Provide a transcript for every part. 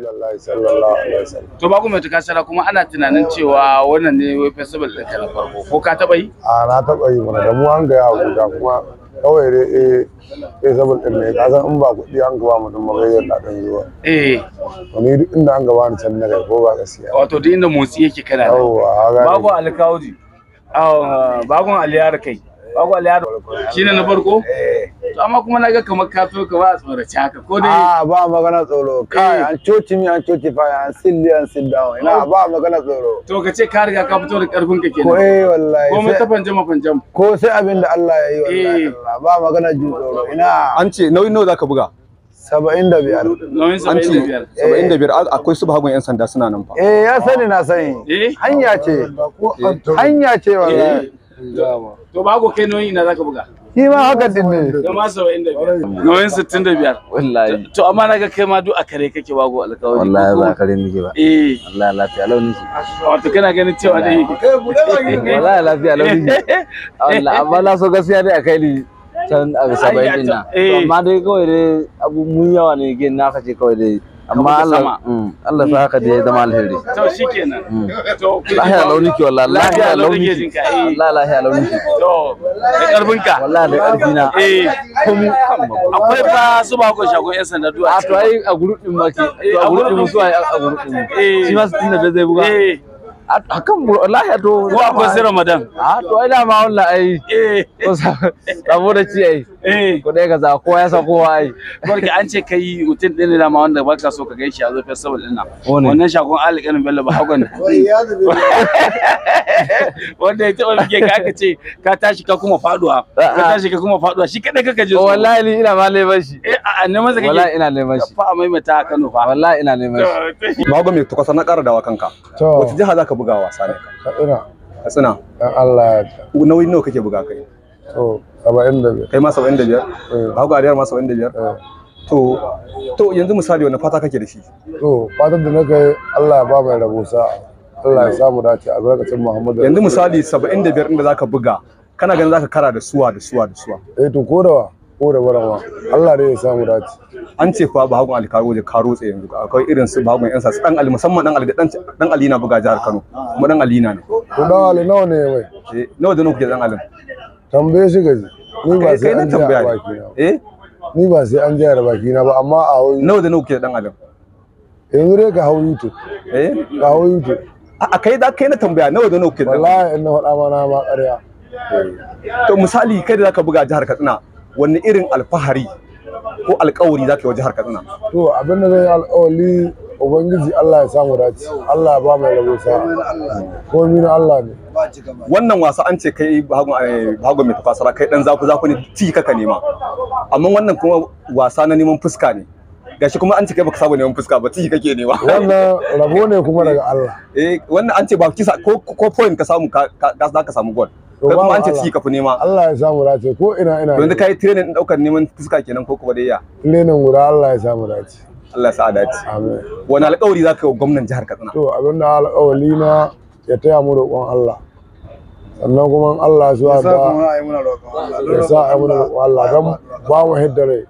rasulullahi sallallahu alaihi to ba kuma ta kasara kuma ana tunanin cewa wannan ne wai festival da ta farko ko ka taba yi a na taba yi mana da mu an ga Abuja kuma kawai dai eh festival din ne san in ba kuɗi an gaba mutum magayyar da dan zuwa eh to ni duk inda an gaba ni can na kai ko ba gaskiya wato duk inda motsi yake kana nan babu alkaudi bagon aliyar kai Bagwal ya Shi ne na farko? Eh. To amma kuma na ga kamar ka so ka ba tsorace haka ko dai? A ah, ba magana tsoro. Kai an coci mi an coci fa an silli an sit down. Ina oh. ba magana tsoro. To ka ce ka riga ka fito da karfin ka kenan. Ko eh wallahi. Ko mun ta fanjama fanjama. Ko sai abin da Allah ya yi wallahi. Eh. Ba magana jin tsoro. Ina. An ce nauyin nawa zaka buga? saba'in da biyar. saba'in da biyar akwai su hagun 'yan sanda suna nan fa. Eh ya sani na sani. Eh? Hanya ce. Hanya ce wallahi. to ba ko kai nauyi na zaka buga shi ma haka din ne da ma 75 nauyin biyar. wallahi to amma naga kai ma duk a kare kake bago alƙawari wallahi ba kare nake ba eh wallahi lafiya lau nake wato kana ganin cewa dai kai eh, bude wallahi lafiya lau nake wallahi amma na so gaskiya dai kai ni can a 70 din na eh. amma dai kawai dai abu mun yawa ne gin na kace kawai dai amma Allah sa mm, haka mm. da ya zama alheri to shikenan mm. to lahiya launi ki wallahi lahiya launi ki eh. wallahi lahiya launi ki to da karfin ka wallahi da karfi na eh akwai ba su ba ko shagon yan sanda duwa a to ai a group din ma ke to eh, a group din su ai a group din eh. shi ma 65 zai buga akan wallahi to ko akwai sai Ramadan a to ai da ma wallahi ai da ci ai Eh. kuɗai ka za kowa ya sa kowa ai barki an ce kai utin ɗin da ma wanda baka so ka gai shi a zo festival ɗin nan wannan shakon alƙalin bello ba hakan wanda ya taɓa bige ka aka ce ka tashi ka kuma faduwa ah, ah. ka tashi ka kuma faduwa shi kadai kaka je oh, wallahi ina ma neman shi eh a neman sa kake wallahi ina neman shi fa a maimaita a Kano fa wallahi ina neman shi mago mai tukwasa na ƙara dawa kanka wata jiha zaka buga wasa ne ka katsina katsina dan Allah nauyin nawa kake buga kai to biyar. kai ma 75 hauka da eh. ma 75 eh. to to yanzu misali wani fata kake da shi to fatan da kai, Allah ya ba mai rabo sa Allah ya samu dace albarkacin Muhammadu yanzu misali 75 inda zaka buga kana ganin zaka kara da suwa da suwa da suwa eh to ko wa, ko da barawa Allah ne ya samu dace an ce fa ba hagun alkaro da karo tsaye yanzu akwai irin su ba hagun yan su dan ali musamman dan ali dan dan ali na buga jihar Kano kuma dan ali na ne to dan ali nawa ne wai eh nawa da nuke dan ali tambaye shi gaji ni ba sai an tambaya eh ni ba sai an jayar baki na ba amma a hoyi nawa da nawa ke dan adam yanzu re ka hau youtube eh ka hau youtube a kai da kai na tambaya nawa da nawa ke dan wallahi in na faɗa ma na ma ƙarya to misali kai da zaka buga jihar Katsina wani irin alfahari ko alƙawari zaka yi wa jihar Katsina to abin da zai alƙawari ubangiji Allah ya samu dace Allah ya ba mu rabo sa komai na Allah ne wannan wasa an ce kai hago eh, mai tafasara kai dan zaku zaku ne ci kaka nema amma wannan kuma wasa na neman fuska ne gashi kuma an ce kai baka saba neman fuska ba ci kake nema wannan rabo ne kuma daga Allah eh wannan an ce ba kisa ko ko point ka samu ka za ka samu gol kai kuma an ce ci kafi nema Allah ya samu dace ko ina ina yanzu kai training daukar neman fuska kenan ko kuma dai ya training guda Allah ya samu dace Allah sa dace wani alƙawari za ka yi wa gwamnan jihar Katsina to abin da alƙawari na ya taya mu roƙon Allah sannan kuma Allah su da ya sa a muna roƙon Allah don ba mu hidda rai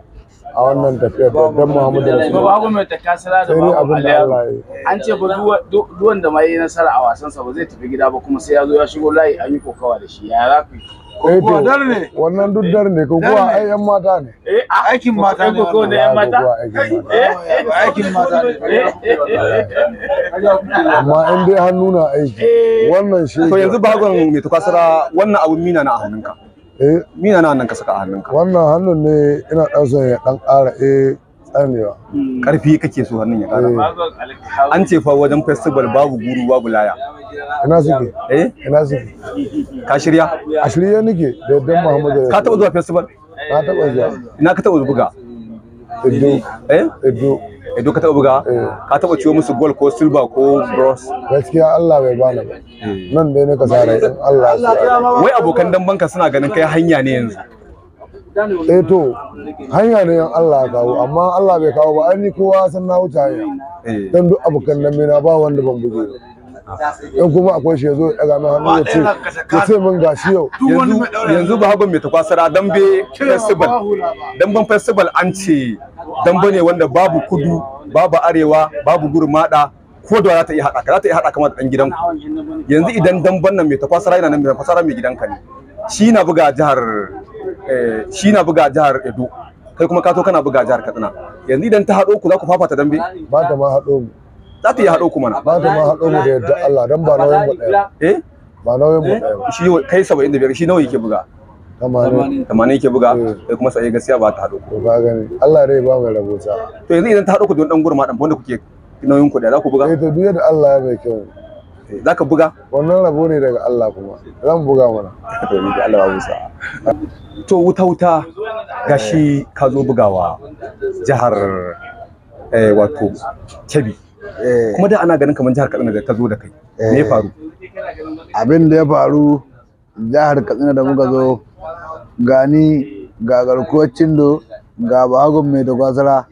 a wannan tafiyar da dan Muhammadu Rasulullah babu mai kasara da ba abin da Allah ya an ce ba duwan da ma yi nasara a wasansa ba zai tafi gida ba kuma sai ya zo ya shigo layi an yi kokawa da shi ya za ku yi Eh to wannan duk dar ne ko kuwa ai yan mata ne. Eh a aikin mata ne ko ne yan mata. Eh, eh aikin mata ne. Eh, eh, Amma in dai hannu na aiki. Wannan shi. To yanzu bagon mai tukasara wannan abun mina na a hannunka. Eh mina na hannunka saka a hannunka. Wannan hannun ne ina ɗausa ya ɗan ƙara eh karewa hmm. karfi kake so hannun ya kara eh. an ce fa wajen festival babu guru babu laya ina zuke eh ina zuke ka shirya a shirye nake da dan muhammadu ka taɓa zuwa festival ka taɓa zuwa ina ka taɓa buga edo eh edo edo ka taɓa buga eh. ka taɓa ciwo musu gol ko silver ko bronze gaskiya Allah bai bani ba hmm. nan dai ne ka sare Allah wai abokan banka suna ganin kai hanya ne yanzu eh to hanya ne yan Allah ya kawo amma Allah bai kawo ba an ni kowa san na wuce hanya eh. dan duk abukan nan na ba wanda ban buge Dan kuma akwai shi yazo ga mai hannu ya ce ya ce min gashi yau yanzu ba haban mai takwasara dambe festival ban festival an ce dan ne wanda babu kudu babu arewa babu gurmada ko da za ta iya haɗa ka za ta yi haɗa kama da ɗan gidanku yanzu idan damban nan mai takwasara yana nan mai takwasara mai gidanka ne shi na buga jihar Eh, shi na buga jihar Edo kai kuma ka to kana buga jihar Katsina yanzu idan ta haɗo ku za ku fafata dambe ba ta ma haɗo mu za ta yi haɗo ku mana ba ta ma haɗo mu da yadda Allah dan ba nauyin mu ɗaya eh ba nauyin mu eh? ɗaya shi kai 75 shi nawa yake buga tamanin tamanin yake buga eh. kai kuma sai gaskiya ba ta haɗo ku ba gani Allah dai ba mai rabota to yanzu idan ta haɗo ku don dan gurma dan wanda kuke nauyin ku da za ku buga eh to duk yadda Allah ya mai kyau za ka buga wannan rabo ne daga Allah kuma zan buga mana to ni Allah ba busa. to wuta wuta gashi ka zo bugawa jihar eh wato Kebbi eh. kuma da ana ganin kamar jihar Katsina da ka zo da kai me ya eh. faru abin da ya faru jihar Katsina da muka zo gani ga garkuwar cindo ga bahagon mai da gwazara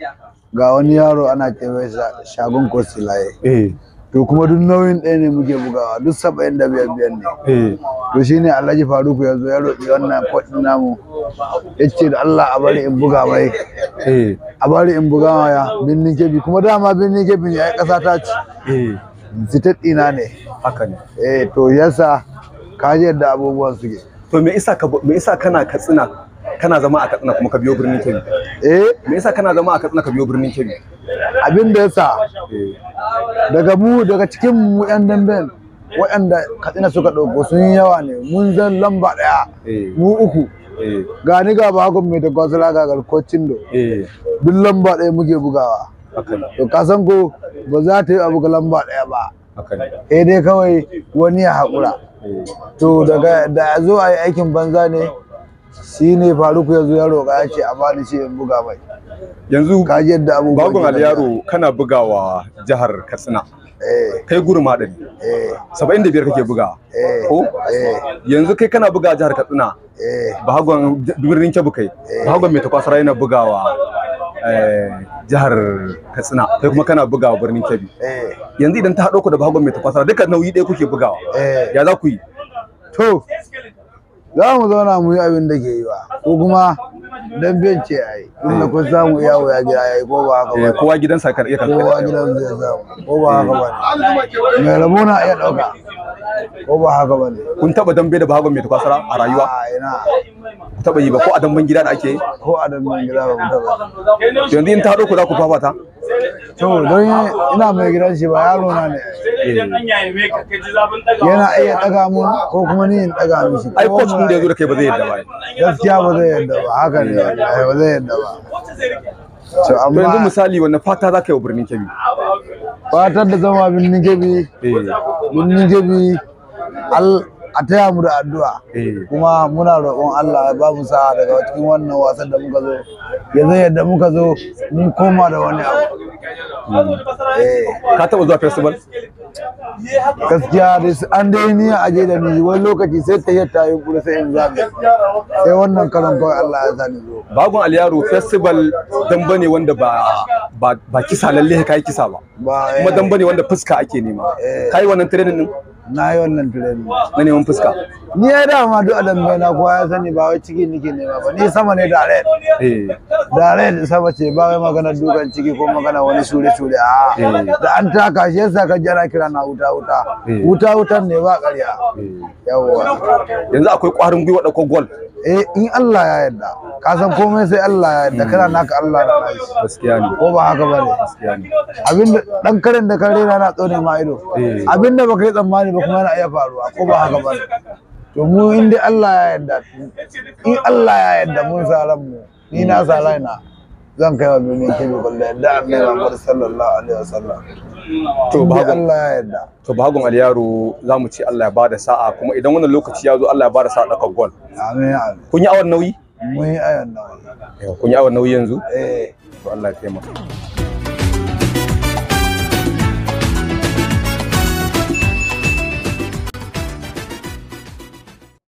ga wani yaro ana kewaye shagon kosilaye eh. to kuma duk nauyin ɗaya ne muke bugawa duk saba'in da biyar biyar ne eh. to shine alhaji faruku ya zo ya roƙi wannan kwaɗin namu ya ce da allah a bari in buga mai eh. a bari in buga maya birnin kebi kuma dama birnin kebi ya yi ƙasa ta ci eh. na ne haka ne eh to yasa ka yadda abubuwan suke to me isa kana katsina kana zama a katsina kuma ka biyo birnin kebbi eh me yasa kana zama a katsina ka biyo birnin kebbi abin da yasa eh. daga mu daga cikin mu yan damben waɗanda katsina suka ɗauko sun yi yawa ne mun zan lamba ɗaya eh. mu uku eh. gani ga ba bakon mai da gwazala ga garkocin do duk lamba ɗaya muke bugawa to ka san ko ba za ta yi abu ga lamba ɗaya ba eh dai kawai wani ya haƙura to daga da zo a yi aikin banza ne shi ne faruku ya zo ya roƙa ya ce a bani shi in buga mai yanzu ka yadda abubuwan bagon aliyaro kana bugawa jihar katsina eh. kai gurma ɗari eh. saba'in da biyar kake buga eh. ko yanzu kai kana buga jihar katsina bagon birnin kebbi kai bagon mai takwasara yana bugawa jihar katsina kai kuma kana bugawa birnin kebbi yanzu idan ta haɗo ku da bagon mai takwasara duka nauyi ɗaya kuke bugawa ya za ku yi to za mu zauna mu yi abin da ke yi ba ko kuma dan ce a yi da kun samu yawo ya gida ya yi ko ba haka ba eh, kowa gidansa kan iya kan kowa gidansa ya samu ko ba haka ba mai rabona na iya ɗauka ko ba haka bane kun taba dambe da bahagon mai sara a rayuwa ina ku taba yi ba ko a damben gida da ake ko a damben gida ba mu taba yanzu in ta hado ku za ku fafata to don ina mai gidan shi ba yaro na ne yana iya daga mu ko kuma ni in daga shi ai ko cikin da yazo da kai ba zai yadda ba gaskiya ba zai yadda ba haka ne ba zai yadda ba to amma yanzu misali wannan fata za ka yi wa birnin kebi? fatar da zama birnin nijabi eh. birnin nijabi a taya mu da addu'a eh. kuma muna roƙon Allah ya ba mu sa'a daga cikin wannan wasan da muka zo yanzu yadda muka zo mun koma da wani abu eh. ka taɓa zuwa festival gaskiya an dai ni a je da ni wani lokaci sai ta yadda yi kuma sai in zaɓe sai wannan karan kawai Allah ya sani zo bagon aliyaro festival dan bane wanda ba ba kisa lalle ka yi kisa ba kuma eh. dan bane wanda fuska ake nema eh. kai wannan training din na yi wannan tunani Wani neman fuska ni ya dama duk adam bai na kowa ya sani ba wai ciki nake nema ba ni sama ne da red eh. da red sama ce ba wai magana dukan ciki ko magana wani shure shure a eh. da an taka shi yasa ka jira kira na wuta wuta eh. wuta wutan ne ba ƙarya yawwa yanzu akwai ƙwarin gwiwa da ko gol eh in Allah ya yarda ka san komai sai Allah ya yarda kana naka Allah na nashi gaskiya ne ko ba haka bane gaskiya ne abinda dan karen da ka rera na tsone ma ido abinda baka yi tsammani ba kuma yana iya faruwa ko ba haka ba to mu in dai Allah ya yarda in Allah ya yarda mun sa mu ni na sa na zan kai wa duniya ke bi kullu yarda annabi Muhammad sallallahu alaihi wasallam to bahagun Allah ya yarda to bahagun aliyaro zamu ce Allah ya bada sa'a kuma idan wannan lokaci ya zo Allah ya bada sa'a daga gol amin amin kun yi awan nauyi mun yi awan nauyi kun yi awan nauyi yanzu eh to Allah ya taimaka